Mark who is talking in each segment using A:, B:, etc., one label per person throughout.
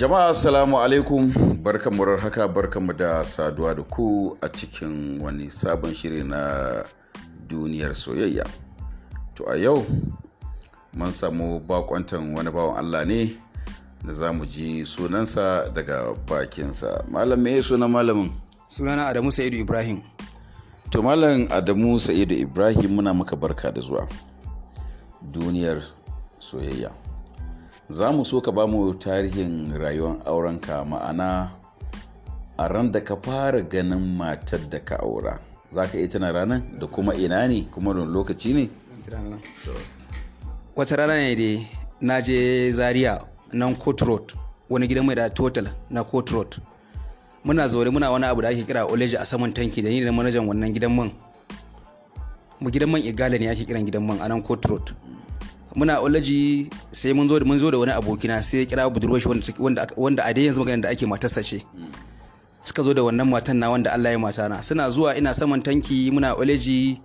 A: Jama'a assalamu alaikum barkanmu da haka barkanmu da saduwa da ku a cikin wani sabon shiri na duniyar soyayya. To a yau mun samu bakwantan wani bawan Allah ne da za mu ji sunansa daga bakinsa. Malam me sunan malamin? Sunana Adamu Sa'idu Ibrahim. To Malam Adamu Sa'idu Ibrahim muna maka barka da zuwa duniyar soyayya. za mu so ka ba mu tarihin rayuwar aurenka ma'ana a ran da ka fara ganin matar da ka aura za ka iya tana ranar da kuma ina ne kuma don lokaci ne wata rana ne dai
B: na je zaria nan court road wani gidan mai da total na court road muna zaune muna wani abu da ake kira oleji a saman tanki da ni da manajan wannan gidan man mu gidan man igala ne ake kiran gidan man a nan court road muna olaji sai mun zo da mun zo da wani abokina sai ya kira budurwar shi wanda wanda a dai yanzu maganar da ake matarsa ce suka zo da wannan matan na wanda Allah ya mata na suna zuwa ina saman tanki muna oleji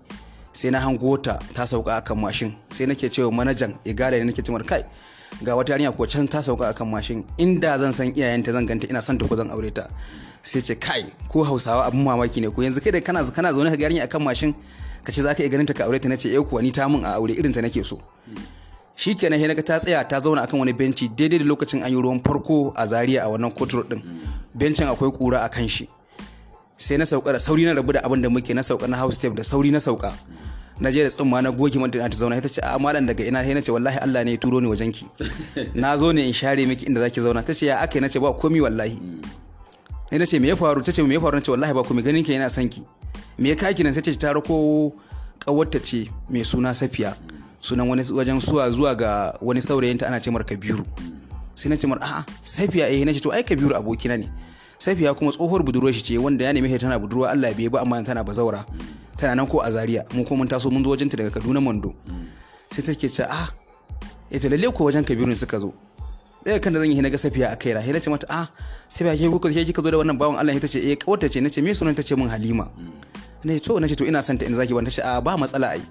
B: sai na hango ta ta sauka akan mashin sai nake cewa manajan ya igala ne nake cewa kai ga wata yarinya ko can ta sauka akan mashin inda zan san iyayenta zan ganta ina son ta ko zan aure ta sai ce kai ko hausawa abin mamaki ne ko yanzu kai da kana kana zaune ka yarinya akan mashin ka ce za ka iya ganin ta ka aure ta nace eh kuwa ni ta mun a aure irin ta nake so shi kenan sai naga ta tsaya ta zauna akan wani benci daidai da lokacin an yi ruwan farko a zaria a wannan kotu din bencin akwai kura a kan shi sai na sauka da sauri na rabu da abin da muke na sauka na house step da sauri na sauka na je da tsumma na goge mata ta zauna ta ce a malam daga ina sai na ce wallahi Allah ne ya turo ni wajen ki na zo ne in share miki inda zaki zauna ta ce ya aka na ce ba komi wallahi sai mm. na ce me ya faru ta ce me ya faru na ce wallahi ba komi ganin ki yana sanki me ya kaki nan sai ce ta rako kawarta ce mai suna safiya mm. sunan wani wajen suwa zuwa ga wani saurayinta ana ce mar kabiru sai na ce mar a'a safiya eh na ce to ai kabiru abokina ne safiya kuma tsohuwar budurwar shi ce wanda ya nemi tana budurwa Allah biye ba amma tana bazaura tana nan ko a Zaria mu ko mun taso mun zo wajen ta daga Kaduna Mondo sai take ce a eh to lalle ko wajen Kabiru ne suka zo ɗaya kan da zan yi na ga safiya a kaira na ce mata a safiya ke kuka ke kika zo da wannan bawan Allah ta ce eh ta ce nace me sunan ta ce min Halima ne to nace to ina son ta in zaki ban ta ce a ba matsala ai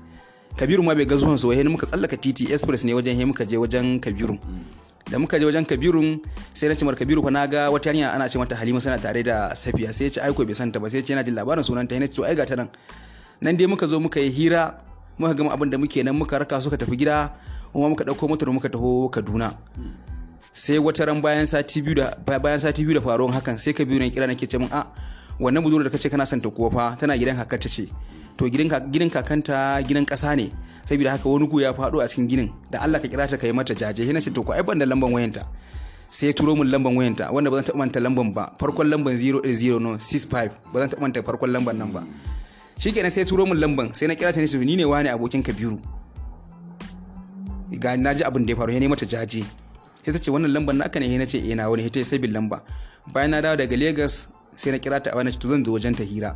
B: kabiru ma bai ga zuwan su wai muka tsallaka titi express ne wajen he muka je wajen kabiru da muka je wajen kabiru sai na ce mar kabiru fa na ga wata yarinya ana ce mata halima sana tare da safiya sai ya ce aiko bai santa ba sai ya ce yana jin labarin na yana ce to ai ga ta nan nan dai muka zo muka yi hira muka gama abin da muke nan muka raka suka tafi gida kuma muka dauko motar muka taho kaduna sai wata ran bayan sati biyu da bayan sati biyu da faruwar hakan sai kabiru ne kira nake ce min a ah, wannan budurwar da kace kana santa kuwa fa tana gidan hakka ta ce to gidan kakanta gidan ƙasa ne saboda haka wani ku ya faɗo a cikin ginin da Allah ka kira ta kai mata jaje na ce to ko ai ban da lamban wayanta sai turo mun lamban wayanta wanda ba zan taɓa manta lamban ba farkon lamban 080 no 65 ba zan taɓa manta farkon lamban nan ba shikenan sai turo mun lamban sai na kira ta ne ni ne wani abokin Kabiru ga na ji abin da ya faru ya ne mata jaje sai ta ce wannan lamban naka ne na ce eh na wani ita sai bin lamba bayan na dawo daga Lagos sai na kira ta a wani to zan zo wajen ta hira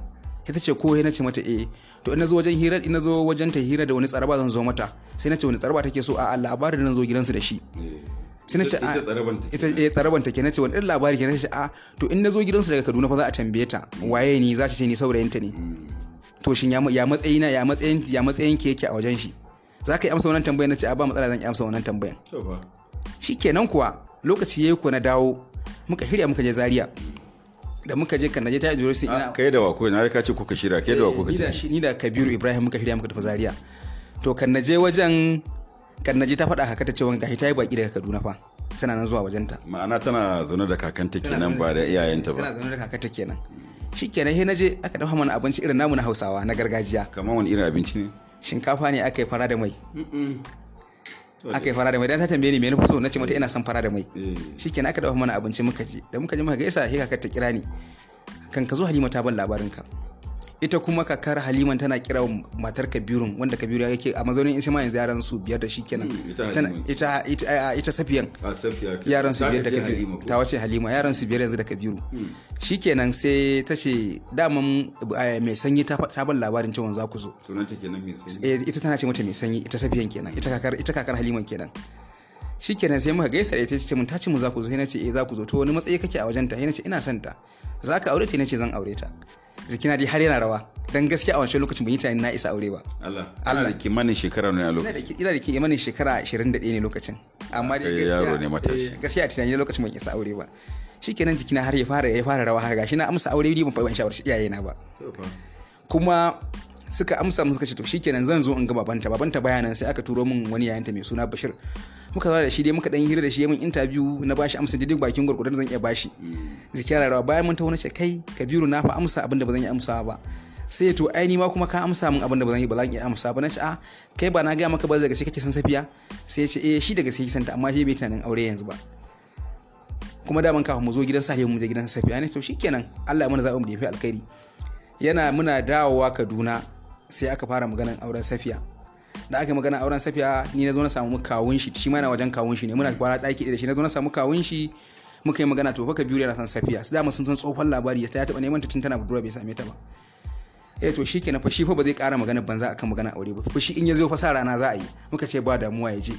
B: sai ta ce ko na ce mata eh to in zo wajen hira in zo wajen ta hira da wani tsaraba zan zo mata sai na ce wani tsaraba take so a labarin nan zo gidansu da shi eh. sai na ce a ah. ita eh tsaraban take na ce wani labari ke na ce a ah. to in nazo gidansu daga Kaduna fa za a tambaye ta waye ni za ta ce ni saurayin ta ne hmm. to shin ya matsayi na ya matsayin ya matsayin ke yake a wajen shi za ka yi amsa wannan tambayar na ce a ah, ba matsala zan yi amsa wannan tambayar shikenan kuwa lokaci yayi ku na dawo muka shirya muka je Zaria
A: da muka je kan naje ta sai ina ah, kai da wako na ka ce kuka shira kai da wako ka ce
B: ni da kabiru ibrahim muka shirya muka tafi zaria to kan naje wajen kan naje ta faɗa haka ta ce wani ta yi baki daga kaduna fa sana nan zuwa wajenta
A: ma'ana tana zaune da kakanta kenan ba da iyayenta ba tana zaune
B: da kakanta kenan kenan he naje aka dafa mana abinci irin namu na Hausawa na gargajiya kamar wani irin abinci ne shinkafa ne aka yi fara da mai aka yi fara da mai dan ta tambaye ni me nufi so na ce mata ina son fara da mai mm. shikenan aka dafa mana abinci muka je da muka je muka gaisa sai ka ta kira ni kan ka zo Halima ta ban labarin ka ita kuma kakar haliman tana kira matar kabirun wanda kabiru ya yake a mazaunin in ma yanzu yaran su biyar da shi kenan hmm, ita safiyan yaran su biyar da kabiru ta wace halima yaran su biyar yanzu da kabiru hmm. shi kenan sai ta ce daman eh, mai sanyi ta ban labarin cewa za ku zo eh, ita tana ce mata mai sanyi ita safiyan kenan ita kakar haliman kenan haliman kenan shikenan sai muka gaisa da ita ce mun ta ce mu za ku zo sai ce eh za ku zo to wani matsayi kake a wajenta sai ce ina son ta za ka aure ta ce zan aure ta jikina dai har yana rawa dan gaskiya a wancan lokacin ban yi tunanin na isa aure ba
A: Allah Allah da kimanin shekara ne a lokacin
B: ina da kimanin shekara 21 ne lokacin amma
A: dai gaskiya yaro ne matashi eh,
B: gaskiya a tunanin lokacin ban isa aure ba shikenan jikina har ya fara ya fara rawa haka gashi na amsa aure ba ban ban shawarci iyayena ba kuma suka amsa mu suka ce to shikenan zan zo in ga babanta babanta baya nan sai aka turo min wani yayanta mai suna Bashir muka zauna da shi dai muka dan hira da shi mun interview na bashi amsa didin bakin gurgurdan zan iya bashi zikira mm. rawa bayan mun tauna ce kai Kabiru na fa amsa abinda ba zan iya amsa ba sai to ai ni ma kuma ka amsa min abinda ba zan yi ba zan iya amsa ba na ce a ah, kai ba na gaya maka ba daga sai kake san safiya sai ya ce eh shi daga sai ki santa amma shi bai tunanin aure yanzu ba kuma daman kafin mu zo gidan safiya mu je gidan safiya ne to shikenan Allah ya mana mu da yafi alkhairi yana muna dawowa Kaduna sai aka fara maganar auren safiya da aka yi magana auren safiya ni na zo na samu kawun shi shi ma na wajen kawun shi ne muna kwana ɗaki da shi na zo na samu kawun shi muka yi magana to baka biyu na san safiya su dama sun san tsohon labari ta ya taɓa neman ta tun tana budurwa bai same ta ba eh to shi kenan fa shi fa ba zai ƙara magana banza akan magana aure ba fa shi in ya zo fa sa rana za a yi muka ce ba damuwa ya je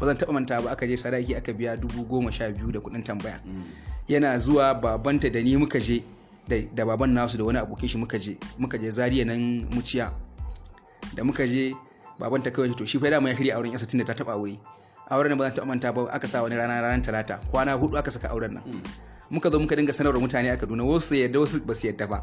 B: ba zan taɓa manta ba aka je sadaki aka biya dubu goma sha biyu da kuɗin tambaya mm. yana zuwa babanta da ni muka je da baban nasu da wani abokin shi muka je muka je zariya nan muciya da muka je baban ta kawai to shi fa dama ya hiri auren yasa tunda ta taba aure auren ba za ta amanta ba aka sa wani rana ranar talata kwana hudu aka saka auren nan hmm. muka zo muka dinga sanarwa mutane a Kaduna wasu yadda wasu ba su yadda ba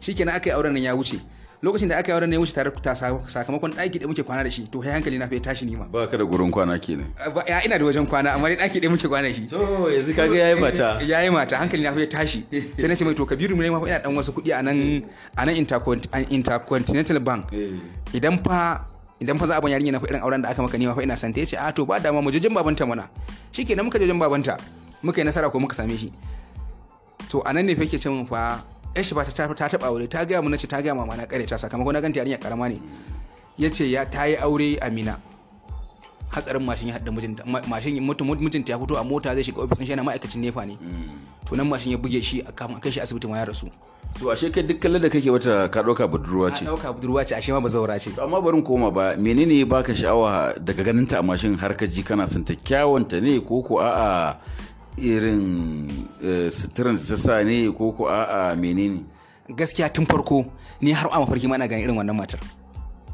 B: shikenan aka yi auren nan ya wuce lokacin da aka yi auren ne wuce tare ta sakamakon ɗaki da muke kwana da shi to sai hankali na fa tashi nima
A: ba ka da gurin kwana kenan
B: ya ina da wajen kwana amma ɗaki da muke kwana da shi to yanzu kaga yayi mata yayi mata hankali na fa tashi sai na ce mai to Kabiru ne ma ina dan wasu kuɗi a nan a nan Intercontinental Bank eh. idan fa idan fa za a ban yarinya na fa irin auren da aka maka nima fa ina san ta yace a ah, to ba dama mu jojin babanta mana shikenan muka jojin babanta muka yi nasara ko muka same shi to a nan ne fa yake ce min fa shi ba ta taɓa aure ta gaya mun ce ta gaya mama na kare ta sakamakon na ganta yarinya karama ne yace ya ta yi aure Amina hatsarin mashin ya hada mijinta mashin mijinta ya fito a mota zai shiga ofis shi yana ma'aikacin nefa ne hmm. to nan mashin ya buge shi a kafin kai shi asibiti ma ya rasu
A: to ashe kai duk kallon da kake wata ka dauka budurwa ce ka dauka budurwa ce ashe ma bazaura ce to amma barin koma ba menene baka sha'awa daga ganin ta a mashin har ka ji kana son ta kyawanta ne ko ko a'a irin eh, sitirin da ta sa ne ko ko a'a menene gaskiya tun farko ni har a mafarki mana ina ganin irin wannan matar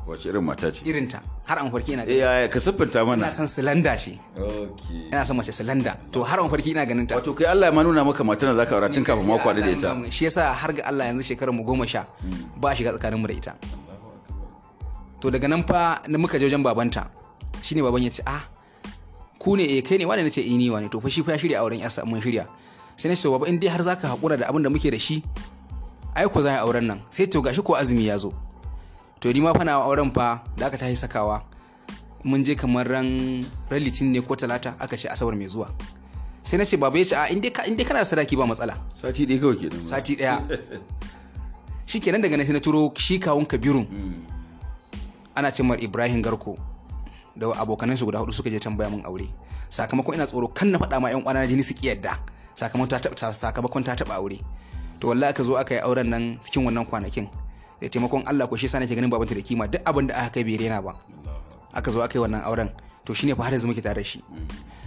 A: wace irin mata ce
B: irin ta har a mafarki ina ganin
A: eh ka siffinta mana ina son
B: silanda ce okay ina son mace silanda to har a mafarki ina ganin ta wato
A: kai Allah ya ma nuna maka matar da zaka aura tun kafin mako da ita
B: shi yasa har ga Allah yanzu shekarar mu goma sha hmm. ba shiga tsakanin mu da ita to daga nan fa muka je wajen babanta shine baban ya ce ah ku ne eh kai ne wani nace ini eh, ni wani to fa shi fa ya shirya auren yasa mun shirya sai nace baba in dai har zaka hakura da abin da muke da shi ai ko zai auren nan sai to gashi ko azumi ya zo to ni ma fa na auren fa da aka tashi sakawa mun je kamar ran litinin ne ko talata aka ce asabar mai zuwa sai nace baba ya ce a in dai kana sadaki ba matsala sati ɗaya kawai kenan sati ɗaya shikenan daga nan sai na turo shi kawun kabirun mm. ana cimar ibrahim garko da abokanansu guda hudu suka je can baya mun aure sakamakon ina tsoro kan na faɗa ma yan uwana jini su ki yadda sakamakon ta taɓa aure to wallahi aka zo aka yi auren nan cikin wannan kwanakin da eh, taimakon Allah ko shi yasa nake ganin babanta da kima duk abin da aka kai bai rena ba aka zo aka yi wannan auren to shine fa har yanzu muke tare da shi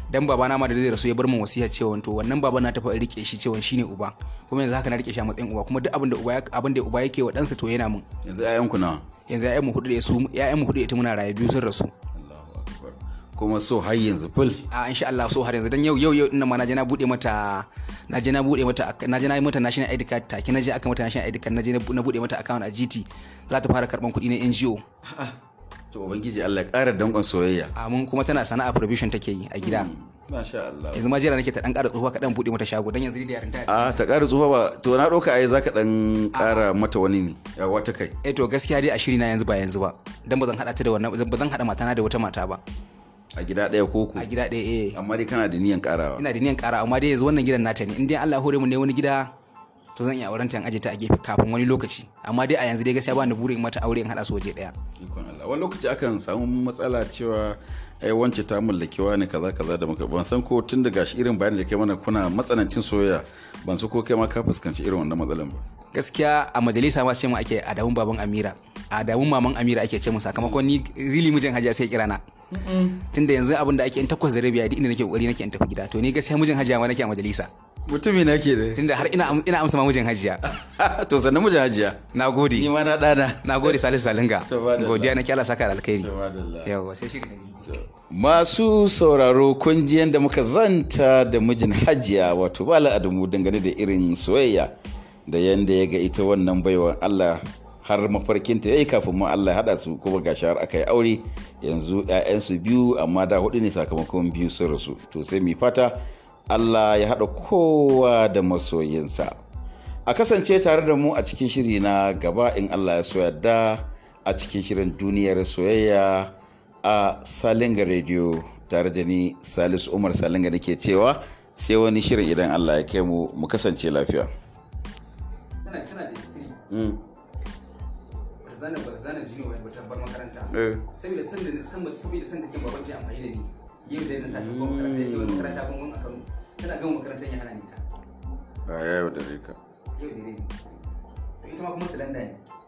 B: dan babana ma da zai rasu ya bar min wasiya cewa to wannan baban na tafi rike shi cewa shine uba kuma yanzu haka na rike shi a matsayin uba kuma duk abin da uba abin da uba yake wa dansa to yana mun.
A: yanzu ayyanku ku nawa
B: yanzu ƴaƴan mu hudu da su ƴaƴan hudu da ita muna raye biyu sun rasu kuma so har yanzu ful a insha Allah so har yanzu dan yau yau yau ina ma naje na bude mata naje na bude mata naje na yi mata national id card take naje aka mata national id card naje na bude mata account a GT za ta fara karban kuɗi na NGO to ubangiji Allah ya ƙara dankon soyayya a mun kuma tana sana'a provision take yi a gida hmm,
A: Masha Allah. Yanzu ma
B: jira nake ta dan ƙara tsufa ka dan bude mata shago dan yanzu ni da yaran ta.
A: Ah ta ƙara tsufa ba to na ɗauka ai zaka dan ƙara mata wani ne wata kai. Eh to gaskiya dai a shiri na yanzu ba yanzu ba
B: dan bazan hada ta da wannan bazan hada mata na da wata mata ba. a gida ɗaya ko ku a gida ɗaya eh
A: amma dai kana da niyan karawa
B: ina da niyan karawa amma dai yanzu wannan gidan nata ne in dai Allah hore mu ne wani gida to zan iya auren ta in aje ta a gefe kafin wani lokaci amma dai a yanzu dai gaskiya ba ni burin mata aure in hada su waje ɗaya
A: ikon Allah wani lokaci akan samu matsala cewa ai wance ta mallaki wani kaza kaza da muka ban san ko tun daga shi irin bayanin da kai mana kuna matsanancin soyayya ban su ko kai ma ka fuskanci irin wannan matsalan ba
B: gaskiya a majalisa ma ce mu ake adamun baban Amira adamun maman Amira ake ce mu sakamakon ni really mujin Hajiya sai kirana tunda yanzu abin da ake in takwas da rabi a inda nake kokari nake in tafi gida to ni gaskiya mijin hajiya ma nake a majalisa mutumi na ke da tunda har ina ina amsa ma mijin hajiya to sannan mijin hajiya na ni ma na dana nagode salisu salinga godiya na kyala saka da alkhairi yawa sai shi
A: masu sauraro kun da muka zanta da mijin hajiya wato bala adamu dangane da irin soyayya da yadda ya ga ita wannan baiwa allah har mafarkin mafarkinta yi kafin ma Allah ya haɗa su kuma gashi har aka yi aure yanzu 'ya'yansu biyu amma da hudu ne sakamakon biyu sun rasu to sai mu fata Allah ya haɗa kowa da masoyinsa a kasance tare da mu a cikin shiri na gaba in Allah ya so yadda a cikin shirin duniyar soyayya a Salinga Radio tare da ni salis Umar Salinga nake cewa sai wani shirin idan Allah ya kai mu mu kasance lafiya. Kana kana
B: zana ba zana jini wai ba tabbar makaranta eh. saboda san da san ba saboda san ke amfani da ni yau da na sa ta kuma makaranta ce wani karanta ban wani akan tana gama makarantar ya hana ni ta
A: a yau da rika
B: yau da rika ita ma kuma silanda ne